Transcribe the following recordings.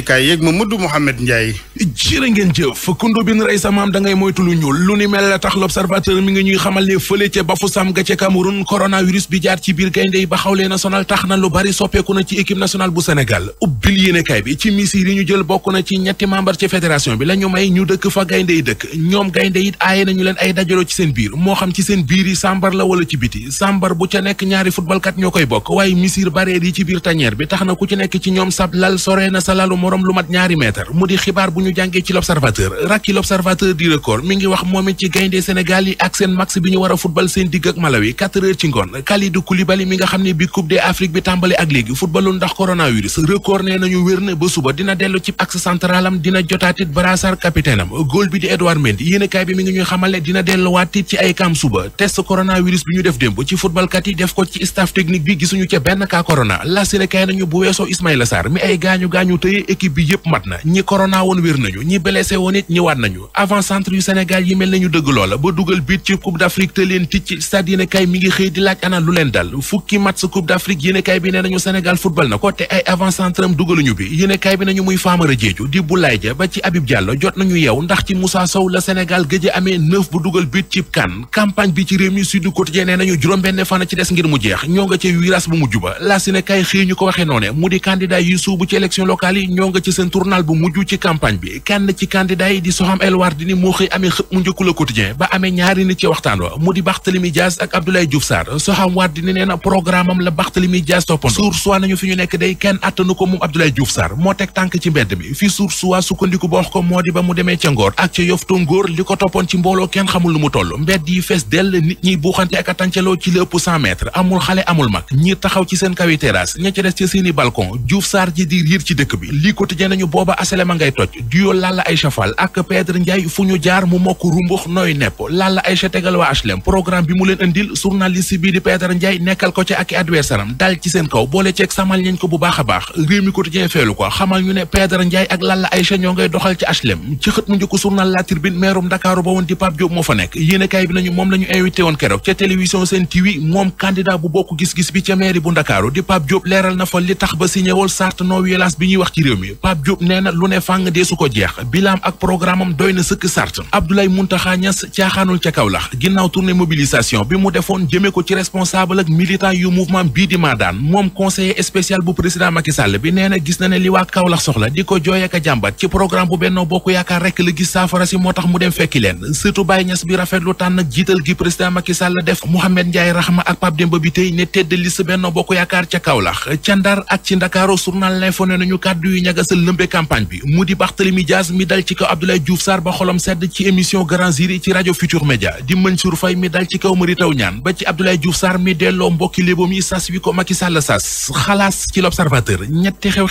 kay yéeg Mamadou Mouhamed Ndiaye jërë ngeen jëf kundóbin rey sa maam dangay moytu lu ñuul lu ni mel la tax l'observateur mi ngi ñuy xamal ne fële ca Bafoussam ga ca Cameroun coronavirus bi jaar ci biir gaynde yi ba xawlee national tax na lu bari soppeeku na ci équipe nationale bu Sénégal ubbil yéenekaay bi ci misir yi ñu jël bokk na ci ñetti membre ci fédération bi la may ñu dëkk fa gaynde yi dëkk ñoom gaynde yi aaye nañu leen ay dajaloo ci seen morom lu mat ñaari mètre mu di xibaar bu ñu jàngee ci l'observateur rakki l'observateur di record mi ngi wax moom ci gaynde Sénégal yi ak seen max bi ñu war a seen digg ak Malawi ci ngoon Kalidou Koulibaly mi nga xam ne bi coupe de Afrique bi tàmbali ak léegi footballu ndax coronavirus record nee nañu wér ba suba dina dellu ci axe centralam dina jotaatit brassard capitaine am bi di Edouard Mendy yéenekaay bi mi ngi ñuy xamale dina delluwaatit équipe bi yëpp mat na ñi corona woon wér nañu ñi blessé woon it ñëwaat nañu avant centre yu Sénégal yi mel nañu dëgg loola ba dugal biit ci Coupe d'Afrique te leen tic stade yéen kay xëy di laaj ana lu leen dal fukki match Coupe d'Afrique yéen bi nee nañu Sénégal football na ko te ay avant centre am dugaluñu bi yéen bi nañu muy Famara Diédhiou di Boulaye Dia ba ci Habib Diallo jot nañu yeew ndax ci Moussa Sow la Sénégal gëj a bu dugal biit ñoo ci seen tournal ci campagne bi kenn ci candidat El Wardini moo xëy amee xëpp mu njëkku Le Quotidien ba amee ci waxtaan wa mu di Barthélémy Dias ak Abdoulaye Diouf Sarr Soham Wardini nee na programme am la Barthélémy Dias toppan suur soi nañu fi ñu nekk dey kenn attanu ko moom Abdoulaye Diouf Sarr moo teg tànk ci mbedd mi fi suur soi sukkandiku ba wax ko moo di ba mu demee ca Ngor ak ca Yof li ko toppoon ci mbooloo kenn xamul lu mu toll mbedd yi fees dell nit ñiy buuxante ak a tàncaloo ci lépp cent mètres amul xale amul mag ñi taxaw ci seen kawi terrasse ña ci des ci seeni balcon Diouf Sarr ji di riir ci dëkk bi lii quotidien nañu booba aselema ngay toj duo Lalla Aïcha Fall ak Pedre Ndiaye fu ñu jaar nekkal ko ci ak dal ci seen kaw boole ceeg samal ñeñ ko bu baax a baax réew mi quotidien feelu ko xamal ñu ne Pedre Ndiaye ak Lalla Aïcha ñoo ngay doxal ci HLM ci xët mu njëkk journal La Tribune meerum Dakaaru ba woon di Pape Diop moo fa nekk yéenekaay bi nañu moom la ñu woon keroog ca télévision Sen TV moom candidat bu bokk gis-gis bi ca mairie bu Ndakaaru di Pape Diop leeral na fa li tax ba signé woon charte non bi ñuy wax ci mi Pape Diop nee na lu ne fàng dee su ko jeex bilaam ak programme doy na sëkk sart Abdoulaye Mountakha Niass caaxaanul ca Kaolack ginnaaw tournée mobilisation bi mu defoon jëmee ko ci responsable ak militant yu mouvement bii di Maadaan moom conseiller spécial bu président Macky bi nee gis na ne li waa Kaolack soxla di ko jooy a jàmbat ci programme bu Benno Bokk Yaakaar rekk la gis saafara si moo tax mu dem fekki leen surtout Baye Niass bi rafetlu tànn jiital gi ñagasal lëmbe campagne bi mu di Barthélémy Dias mi dal ci kaw Abdoulaye Diouf Sarr ba xolam sedd ci émission Grand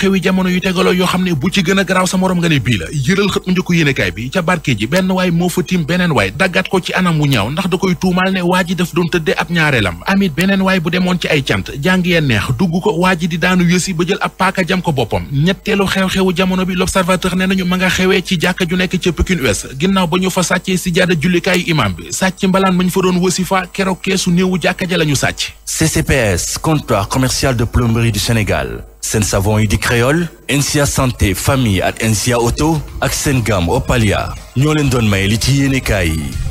xew jamono yu tegaloo yoo xam ne bu gën a garaaw sa morom nga ne bii la yëral xët mu njëkk yéenekaay bi ca barke ji benn waay moo fa tiim daggat ko ci anam wu ñaaw ndax da koy tuumaal ne waa ji daf doon tëddee ab ñaareelam amit beneen waay bu demoon ci ay cant jàng yee neex dugg ko waa ji di daanu yësi ba jël ab paaka jam ko boppam ñetteelu xew-xewu jamono bi l'observateur nee nañu ma nga xewee ci jàkka ju nekk ca Pikine Ouest ginnaaw ba ñu fa sàccee si jaada jullikaayu imam bi sàcc mbalaan mañ fa doon wasifa keroog keesu néewu jàkka ja la ñu sàcc CCPS comptoir commercial de plomberie du Sénégal seen savon yi di créole NSIA santé famille ak NSIA auto ak seen gamme Opalia ñoo leen doon may li ci yéenekaay yi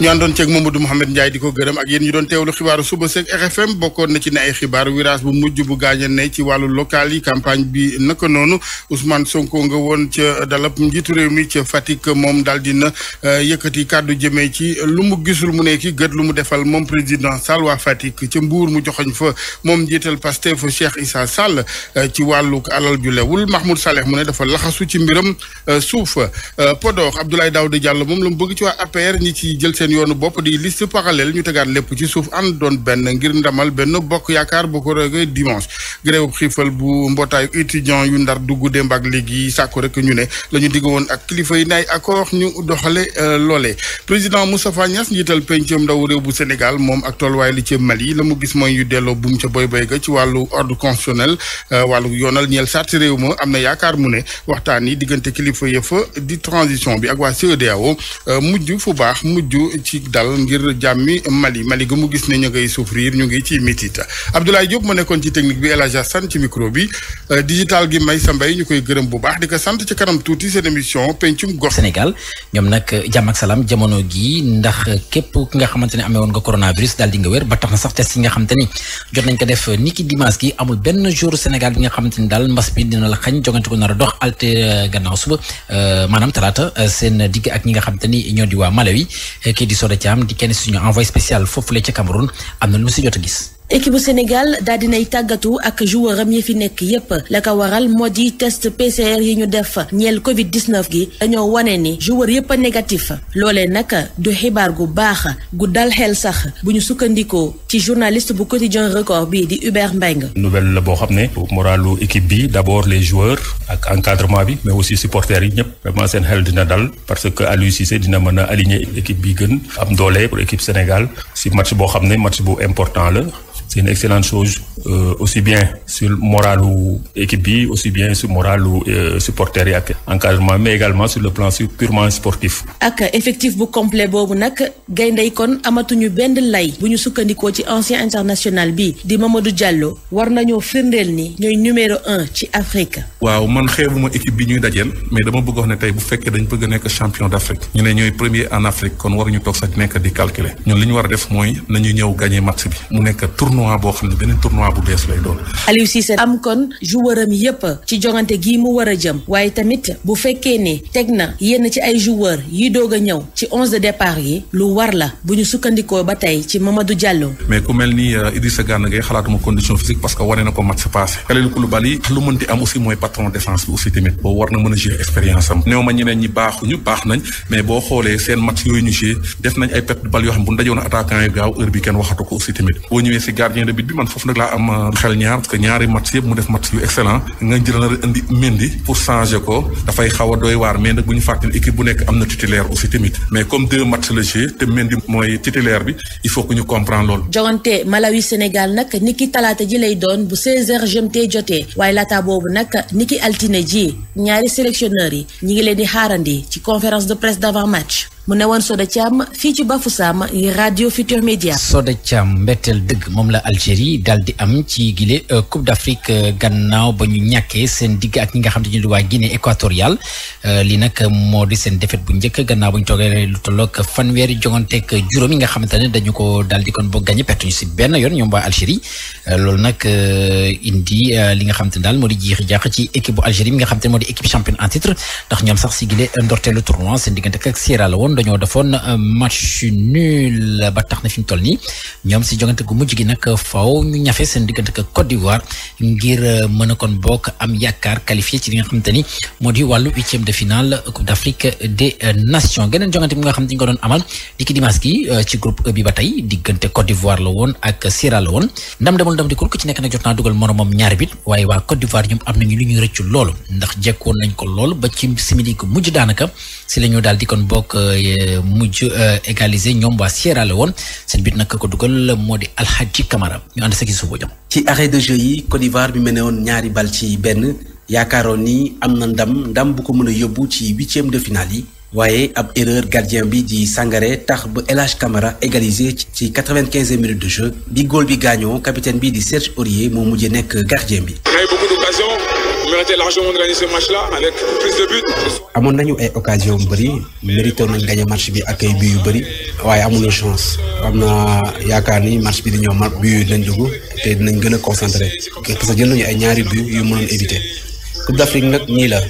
ñu àndoon ceeg Mamadou Mouhamed Ndiaye di ko gërëm ak yéen ñu doon teewlu xibaaru suba seeg RFM bokkoon na ci ne ay xibaar virage bu mujj bu gaañe ne ci wàllu local yi campagne bi naka noonu Ousmane Sonko nga woon ca dalab njiitu réew mi ca Fatick moom daal dina euh, yëkkati kàddu jëmee ci lu mu gisul mu ne ki gët lu mu defal moom président Sall waa Fatick ca Mbour mu joxoñ fa moom njiital Pastef Cheikh Issa Sall euh, ci wàllu alal ju lewul Mahmoud Saleh mu ne dafa laxasu ci mbiram euh, suuf Podor Abdoulaye Daouda Diallo moom la mu bëgg ci waa APR ci jël seen yoonu bopp di liste parallèle ñu tegaat lépp ci suuf ànd doon benn ngir ndamal benn bokk yaakaar bu ko rege dimanche gréew xiifal bu mbootaayu étudiant yu ndar dugg dem ak léegi sàkku rek ñu ne la ñu digg woon ak kilifa yi nay accord ñu doxale euh, loole président Moustapha Niass njiital pencum ndaw réew bu Sénégal moom ak tolluwaay li ci Mali la mu gis mooy yu delloo buum ca boy boy ga ci wàllu ordre constitutionnel euh, wàllu yoonal ñeel sarti réew ma am na yaakaar mu ne waxtaan yi diggante kilifa yëfa di transition bi ak waa CEDEAO euh, ci dal ngir jàmmi Mali Mali ga mu gis ne ñu ngay souffrir ñu ngi ci mitit Abdoulaye Diop mu nekkoon ci technique bi El Hadj Assane ci micro bi euh, digital gi may sa mbay ñu koy gërëm bu baax di ko sant ci kanam tuuti seen émission pencum gox Sénégal ñoom nag jàmm ak salaam jamono gi ndax képp ki nga xamante ne amee woon nga coronavirus daal di nga wér ba tax na sax test yi nga xamante ni jot nañ ko def ni ki dimanche gi amul benn jour Sénégal bi nga xamante ni daal mbas bi dina la xañ jogante ko nar a dox alte gannaaw suba euh, maanaam talaata euh, seen digg ak ñi nga xamante ni ñoo di waa kii di Soda Thiam di kenn suñu envoyé spécial foofu la ca Cameroun am na lu jot gis. équipe Sénégal daal dinay tàggatu ak joueuram yi fi nekk yépp la ko waral moo di test PCR yi ñu def ñeel Covid 19 gi dañoo wane ni joueur yépp a négatif loolee nag du xibaar gu baax gu dal xel sax bu ñu sukkandikoo ci journaliste bu quotidien record bi di Hubert Mbengue. nouvelle la boo xam ne moralu équipe bi d'abord les joueurs ak encadrement bi mais aussi supporters yi ñëpp vraiment seen xel dina dal parce que Aliou Cissé dina mën a aligner équipe bi gën am doole pour équipe Sénégal si match boo xam ne match bu important la. c'est une excellente chose euh, aussi bien sur moralu équipe bi aussi bien su moralu euh, supporters yi ak engagement mais également sur le plan sur purement sportif. ak effectif bu complet boobu nag gayndey kon amatuñu benn lay bu ñu sukkandikoo ci ancien international bi di Mamadou Diallo war nañoo firndeel ni ñooy numéro un ci Afrique. waaw man xeebuma équipe bi ñuy dajeel mais dama bëgg wax ne tey bu fekkee dañ bëgg a nekk champion d'Afrique ñu ne ñooy premier en Afrique kon waruñu toog sax nekk a def mooy nañu tournoi boo xam ne beneen tournoi bu bees lay doon. Aliou Cissé am kon joueuram yépp ci jongante gii mu war a jëm waaye tamit bu fekkee ne teg na yenn ci ay joueur yi doog a ñëw ci onze de yi lu war la bu ñu sukkandikoo ba tey ci Mamadou Diallo. mais ku mel ni euh, Idrissa Gana Gueye xalaatuma condition physique parce que wane na ko match passé Kalidou Koulibaly lu mënti am aussi mooy patron défense bi aussi tamit boo war na mën a jouer expérience am gardien de but bi man foofu nag laa am euh, xel ñaar parce que ñaari match yëpp mu def match yu excellent nga jël indi Mendy pour changer ko dafay xaw a doy waar mais nag bu ñu fàttali équipe bu nekk am na titulaire aussi tamit mais comme deux matchs la jeu te Mendy mooy titulaire bi il faut que ñu comprendre loolu. jogante Malawi Sénégal nag niki talaata ji lay doon bu 16h GMT jotee waaye laata boobu nag niki altine ji ñaari sélectionneurs yi ñi ngi leen di xaarandi ci conférence de presse d'avant match. mu newoon Soda Thiam fii ci Bafoussam radio Futur Média. Soda Thiam mbetteel dëgg moom la Algérie daal di am ci gile euh, Coupe d'Afrique euh, gannaaw ba ñu ñàkkee seen digg ak ñi nga xam te ñu di waa Guinée équatoriale euh, li nag moo di seen défaite bu njëkk gannaaw bu ñu toogee lu tolloog fanweeri jonganteeg juróom yi nga xamante ne dañu ko daal di kon boo gagné perte ñu si benn yoon ñoom waa Algérie loolu nag indi li nga xamante ne daal moo di jiixi jaax ci équipe bu Algérie mi nga xamante moo di équipe championne en titre ndax ñoom sax si gile ndorteelu tournoi seen diggante ak Sierra Leone ñoom dañoo defoon euh, match nul ba tax na fi toll nii ñoom si jogante gu mujj gi nag faaw ñu ñafe seen diggante ak Côte d'Ivoire ngir euh, mën a kon bokk am yaakaar qualifié ci li nga xamante ni moo di wàllu huitième de finale Coupe d'Afrique des euh, Nations geneen jogante bi nga xam ne ñu ko doon amal di ki e bi ba tey diggante Côte d'Ivoire la woon ak Sierra la woon ndam demul ndam dikul ci nekk nag jot naa dugal moromam ñaari bit waaye waa Côte d'Ivoire ñoom am nañu lu ñuy rëccu loolu ndax jekkoon nañ ko lool ba ci simili gu mujj daanaka si la daal di kon bokk koy euh, mujj euh, égaliser ñoom waa Sierra woon seen bit nag ko dugal moo di Alhaji Camara ñu ànd sa ki suufu jam ci arrêt de jeu yi Côte d'Ivoire bi mene woon ñaari bal ci benn yaakaaroon ni am na ndam ndam bu ko mën a yóbbu ci huitième de finale yi waaye ab erreur gardien bi di Sangaré tax ba El Camara égalisé ci quatre-vingt-quinzième minute de jeu bi góol bi gaañoo capitaine bi di Serge Aurier moo mujjee nekk gardien bi. mérité largement de gagner ce match-là avec plus de buts. amoon nañu ay occasion yu bëri mérité nañ gagné match bi ak ay buts yu bëri waaye amuñu chance am na yaakaar ni match bi di ñëw but yooyu dinañ dugg te dinañ gën a concentré parce que jël nañu ay ñaari buts yu mënoon éviter Coupe d'Afrique nag nii la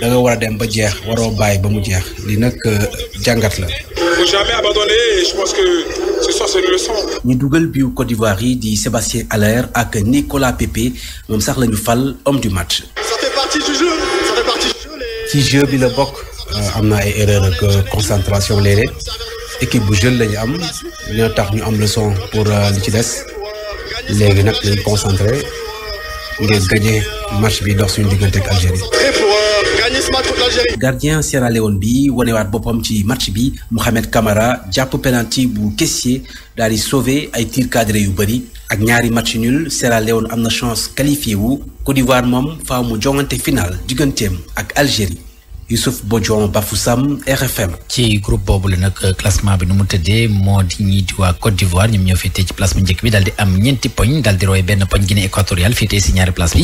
da nga war a dem ba jeex waroo bàyyi ba mu jeex lii nag euh, jàngat la. faut jamais abandonner et je pense que ce soir c'est une leçon. ñu dugal biu Côte d'Ivoire yi di Sébastien Haller ak Nicolas Pepe moom sax la ñu fal homme du match. ci jeu bi la bokk. Euh, am na ay erreur ak euh, concentration léeg-léeg équipe bu jeune la am ñoo tax ñu am leçon pour euh, li ci des léegi nag dañu concentré ngir gagné match bi dox suñu diggante ak Algérie. gagner ce match contre l'Algérie. gardien Sierra Leone bi wanewaat boppam ci match bi Mouhamed Camara jàpp penalty bu Kessié daal di sauver ay tiir cadré yu bëri ak ñaari match nul Sierra Leone am na chance qualifié wu Côte d'Ivoire moom faaw jongante final digganteem ak Algérie. Youssouf Bodion Bafoussam RFM. ci groupe boobu la nag euh, classement bi nu mu tëddee moo di ñii waa Côte d'Ivoire ñoom ñoo fetee ci place bu njëkk bi daal di am ñeenti poñ daal di roy benn poñ Guinée équatoriale ñaari place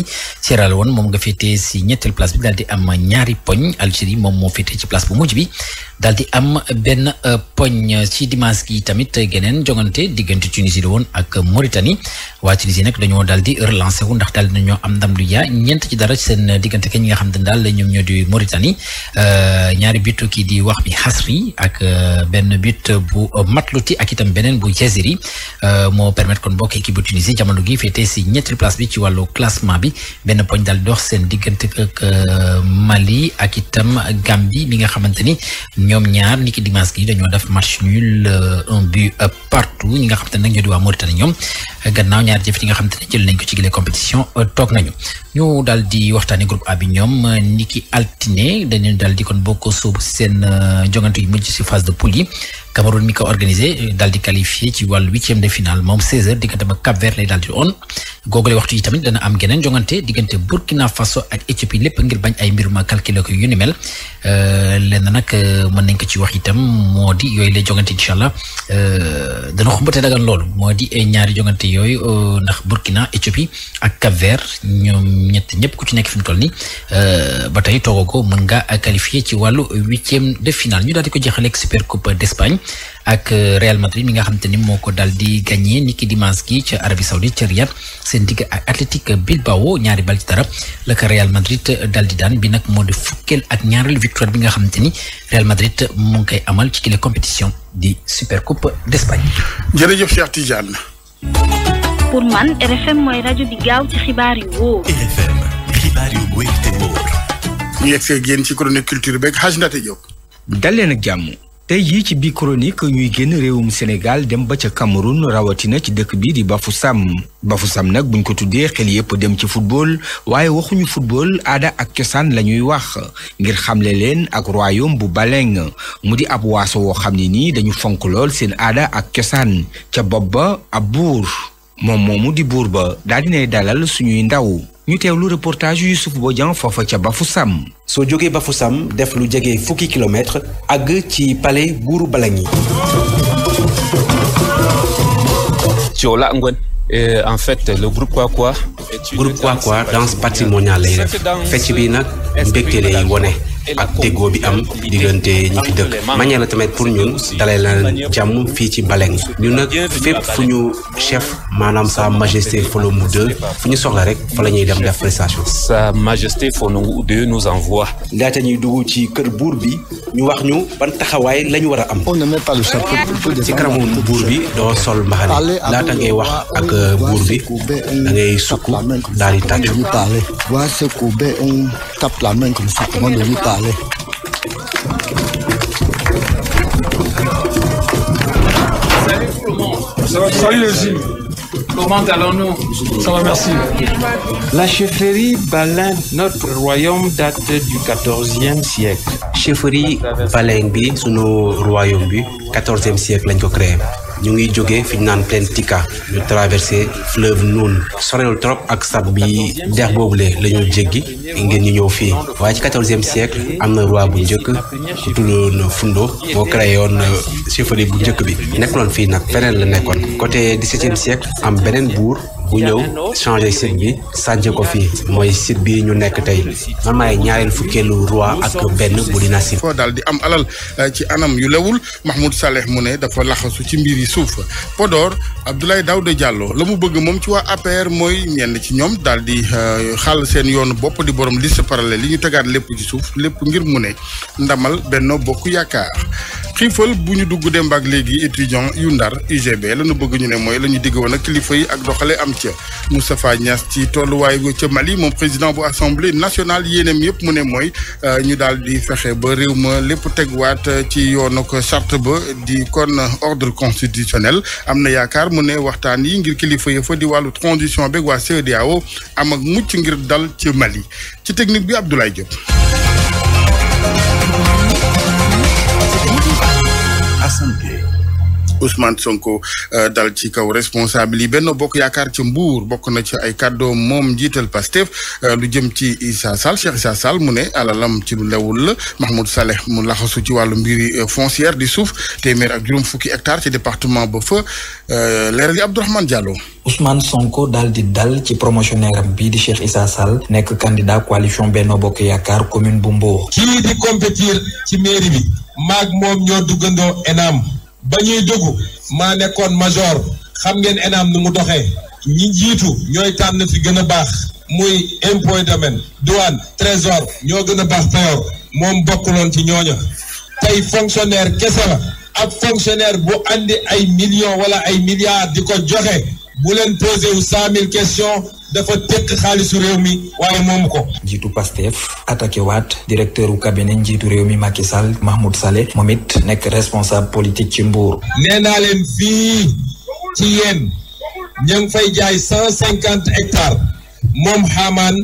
moom nga féetee si ñetteelu place bi daal di am ñaari poñ Algérie moom moo féetee ci place bu mujj bi daal di am benn euh, poñ ci dimanche gi tamit geneen jongante diggante Tunisie la woon ak Mauritanie waa Tunisie nag dañoo daal di relancer wu ndax daal na nañoo am ndam lu yaa ñeent ci dara seen diggante kañ nga xam ne daal ñoom ñoo di Mauritanie. Euh, ñaari butu kii di wax bi xasri ak euh, benn but bu matluti ak itam beneen bu jaziri euh, moo permettre kon mbokk équipe bu Tunisie jamono gi féetee si ñetti place bi ci wàllu classement bi benn poñ daal dox seen diggante ak Mali ak itam Gambie mi nga xamante ni ñoom ñaar niki dimanche gi dañoo def match nul un but partout ñi nga xamante ne nag ñoo di waa Mauritanie ñoom. gannaaw ñaar jëf yi nga xam te ne jël nañ ko ci gile compétition euh, toog nañu ñu daal di waxtaanee groupe A bi ñoom euh, niki altine dañu daal di kon bokk soobu seen euh, jongante yu mujj si phase de poule yi Cameroun mi ko organisé daal di qualifié ci wàllu huitième de finale moom 16h diggante ba Cap Vert lay daal di on googule waxtu yi tamit dana am geneen jongante diggante Burkina Faso ak Éthiopie lépp ngir bañ ay mbir ma calculé ko yu ni mel euh, lenn nag euh, mën nañ ko ci wax itam moo di yooyu lay jongante incha allah euh, dana xumbate dagan loolu moo di ñaari jongante yooyu ndax Burkina Éthiopie ak Cap Vert ñoom ñett ñëpp ku ci nekk fi mu toll ni ba tey toogoo ko mën nga qualifié ci wàllu huitième de finale ñu daal di ko jeexaleeg Super Coupe d'Espagne ak euh, Real Madrid mi nga xam ni moo ko daal di gagné niki dimanche gi ca Arabie Saoudite ca Riyad seen digg ak Athletic Bilbao ñaari bal ci dara la ko Real Madrid daal daan bi nag moo di fukkeel ak ñaareelu victoire bi nga xam ni Real Madrid mu ngi amal ci kile compétition di Supercoupe d'Espagne. jërëjëf Cheikh Tidiane. pour man RFM mooy rajo di gaaw ci xibaar yu wóor. tey jii ci biir chronique ñuy génn réewum Sénégal dem ba ca Cameroun rawatina ci dëkk bi di bafu bafu sam nag buñ ko tuddee xel yépp dem ci football waaye waxuñu football aada ak cosaan la ñuy wax ngir xamle leen ak royaume bu Baleng mu di ab waaso woo xam ni nii dañu fonk lool seen aada ak cosaan ca bopp ba ab buur moom moomu di buur ba daal dinay dalal suñuy ndaw ñu teewlu reportage Youssouf Bodian foofa ca Bafoussam soo jógee Bafoussam def lu jege fukki kilomètre ak ci palais yi Balangi. Thiola Ngwen. Euh, en fait le groupe Kwakwa. groupe Kwakwa danse patrimoniale lay def fecc bi nag mbégte lay wone. ak déggoo bi am diggante ñi fi dëkk mañee tamit pour ñun dalay lan jàmm fii ci Baleng ñu nag fépp fu ñu chef maanaam sa majesté Folongu 2 fu ñu soxla rek fa la ñuy dem def prestation. sa majesté Folongu 2 nous envoie. laata ñuy dugg ci kër buur bi ñu wax ñu ban taxawaay la war a am. ci kanamu buur bi doo sol mbaxane laata ngay wax ak buur bi da ngay sukk daal di tàcc. locale. Salut La chefferie Balin, notre royaume date du 14 siècle. chefferie Balin bi sunu royaume bi 14 siècle lañ ko créé. ñu ngi jógee fi ñu naan plaine Tika ñu traversé fleuve Noun sorewul trop ak sab bi dex boobule la ñu jéggi ngeen ñu ñëw fii waaye ci quatorzième siècle am na roi bu njëkk ku tuddoon Fundo moo créé woon chefferie euh, bu njëkk bi nekkuloon fii nag feneen la nekkoon côté dix-septième siècle am beneen buur bu ñëw changé site bi sànc ko fii mooy site bi ñu nekk tey man maay ñaareel fukkeelu roi ak benn bu dina si foo daal di am alal euh, ci anam yu lewul Mahmoud Saleh mu ne dafa laxasu ci mbir yi suuf Podor Abdoulaye Daouda Diallo la mu bëgg moom ci waa APR mooy ñenn ci ñoom daal di euh, xàll seen yoonu bopp di borom liste parallèle li ñu tegaat lépp ci suuf lépp ngir mu ne ndamal Benno Bokk Yaakaar xiifal bu ñu dugg dem ak léegi étudiant yu ndar UGB la ñu ñu ne mooy laaj Moustapha ci tolluwaay gu ca Mali moom président bu assemblée nationale yéeneem yëpp mu ne mooy euh, ñu daal di fexe ba réew ma lépp tegwaat euh, ci yoonu ko charte ba di kon ordre constitutionnel am na yaakaar mu ne waxtaan yi ngir kilifa ya fa di wàllu transition beeg waa CEDEAO am ak mucc ngir dal ci Mali ci technique bi Abdoulaye Diop. assemblée Ousmane Sonko euh, dal ci kaw responsable yi benn bokk yaakaar ci Mbour bokk na ci ay kàddoo moom njiital Pastef euh, lu jëm ci Issa Sall Cheikh Issa Sall mu ne alalam ci lu lewul la Mahmoud Saleh mu laxasu ci wàllu mbiri euh, foncière di suuf téeméer ak juróom fukki hectare ci département ba fa leeral yi Abdourahmane Diallo Ousmane Sonko dal di dal ci promotionnaire bi di Cheikh Issa Sall nekk candidat coalition Benno Bokk Yaakaar commune bu Mbour kii di compétir ci mairie bi maag moom ba ñuy dugg maa nekkoon major xam ngeen ENAM nu mu doxee ñi jiitu ñooy na fi gën a baax muy impôt domaine douane trésor ñoo gën a baax payor moom bokkuloon ci ñooña tey fonctionnaire kese la fonctionnaire bu andi ay millions wala ay milliards di ko joxe bu leen posé wu cent mille questions dafa tekk xaalisu réew mi waaye moomu ko. njiitu Pastef attaqué waat directeur u cabinet njiitu réew mi Macky Sall Mahmoud Saleh moom it nekk responsable politique ci Mbour. nee naa leen fii ci yéen ñu ngi fay jaay cent cinquante hectares moom xaamaan.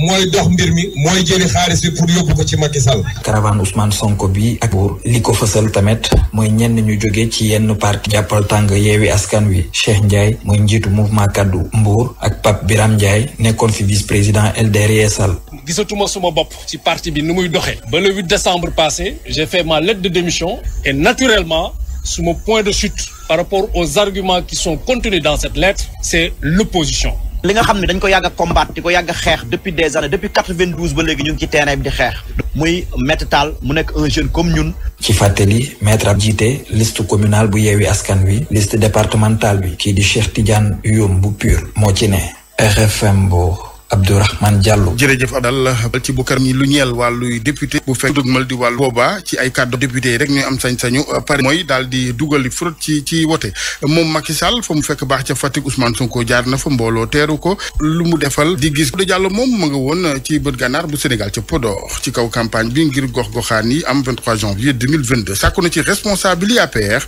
mooy dox mbir mi mooy jëli xaalis bi pour yóbbu ko ci Macky Sall. caravane Ousmane Sonko bi ak buur li ko fësal tamit mooy ñenn ñu jóge ci yenn parti jàppal tàng yeewi askan wi Cheikh Ndiaye mooy njiitu mouvement kaddu Mbour ak Pape Biram Ndiaye nekkoon fi vice président LDR Yeesal. gisatuma suma bopp ci parti bi ni muy doxee. ba le 8 décembre passé j'ai fait ma lettre de démission et naturellement suma point de chute par rapport aux arguments qui sont contenus dans cette lettre c'est l'opposition li nga xam ne dañ ko yàgg a combattre di ko yàgg a xeex depuis des années depuis quatre-vingt-douze ba léegi ñu ngi ci terrain di xeex. muy Maître Tall mu nekk un jeune comme ñun. ci fàttali maître ab jiite liste communal bu yeewi askan wi list départementale bi kii di Cheikh Tidiane Youm bu PUR moo ci ne RFM Mbour. Abdourahmane Diallo. jërëjëf Adal ci bu kar mi lu ñeel wàlluy député bu fekk dugmal di wàllu boobaa ci ay kàddu député yi rek ñuy am sañ-sañu pare mooy daal di dugali frot ci ci wote moom Macky Sall fa mu fekk baax ca Fatick Ousmane Sonko jaar na fa mbooloo teeru ko lu mu defal di gis Abdou Diallo moom ma nga woon ci bët ganaar bu Sénégal ca Podor ci kaw campagne bi ngir gox-goxaan yi am 23 janvier 2022 sàkku na ci responsable yi APR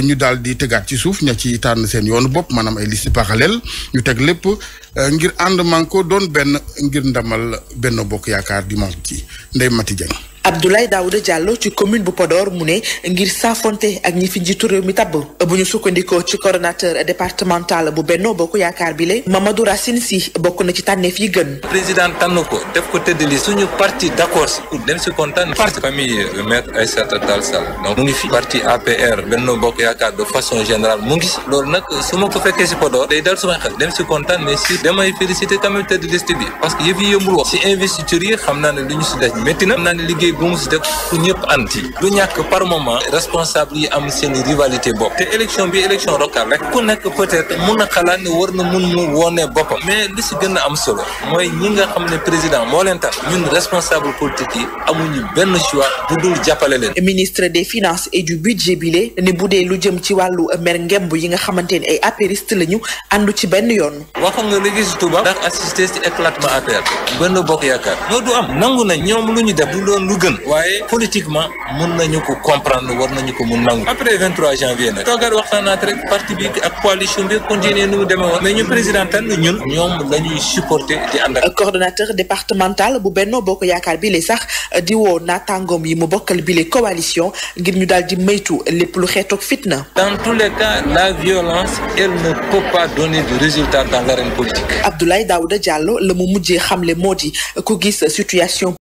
ñu daal di tegaat ci suuf ña ci tànn seen yoonu bopp maanaam ay liste parallèle ñu teg lépp Euh, ngir ànd man ko doon benn ngir ndamal benn bokk yaakaar dimanche ji Ndeye Mati Abdoulaye Daouda Diallo ci commune bu Podor mu ne ngir saafonte ak ñi fi njiitu réew mi tabb bu ñu sukkandikoo ci coordonnateur départemental bu Benno Bokk Yaakaar bi le Mamadou Racine Sy bokk na ci tànneef yi gën. président tànn ko def ko tëdd li suñu parti d' accord si pour dem si kontaan. parti famille maître Bokk Yaakaar de façon générale loolu nag su ma ko fekkee si Podor day dal suma xel dem mais si damay féliciter quand tëdd liste bi parce que yëf yi yëmbul wax si investiture yi xam naa ne lu ñu si daj na xam naa ne liggéey ay gumus bi élection a xalaat ne war na mun mu woone boppam mais li si gën a am solo mooy ñi nga xam ne président moo leen tax ñun responsable politique yi amuñu benn choix bu dul jàppale leen. ministre des finances et du budget bile ne bu dee lu jëm ci wàllu mer ngemb yi nga xamante ne ay apériste lañu àndu benn yoon. waxoon nga léegi si tubaab ndax assister si éclatement APR benn bokk yaakaar loolu du am nangu na ñoom lu ñu def du doon lu gën waaye politiquement mun nañu ko comprendre war nañu ko mun nangu après 23 janvier nag toogaat waxtaanaat rek parti bi ak coalition bi continuer nu mu demee woon mais ñu président tànn ñun ñoom bu Benno Bokk Yaakaar bi lee sax di woo naataangoom yi mu bokkal bi lee coalition ngir ñu daal di maytu lépp lu xeetoog fitna dans tous les cas la violence elle ne peut pas donner de résultat dans l'arène politique Abdoulaye Daouda Diallo la mu mujjee xamle moo di ku gis situation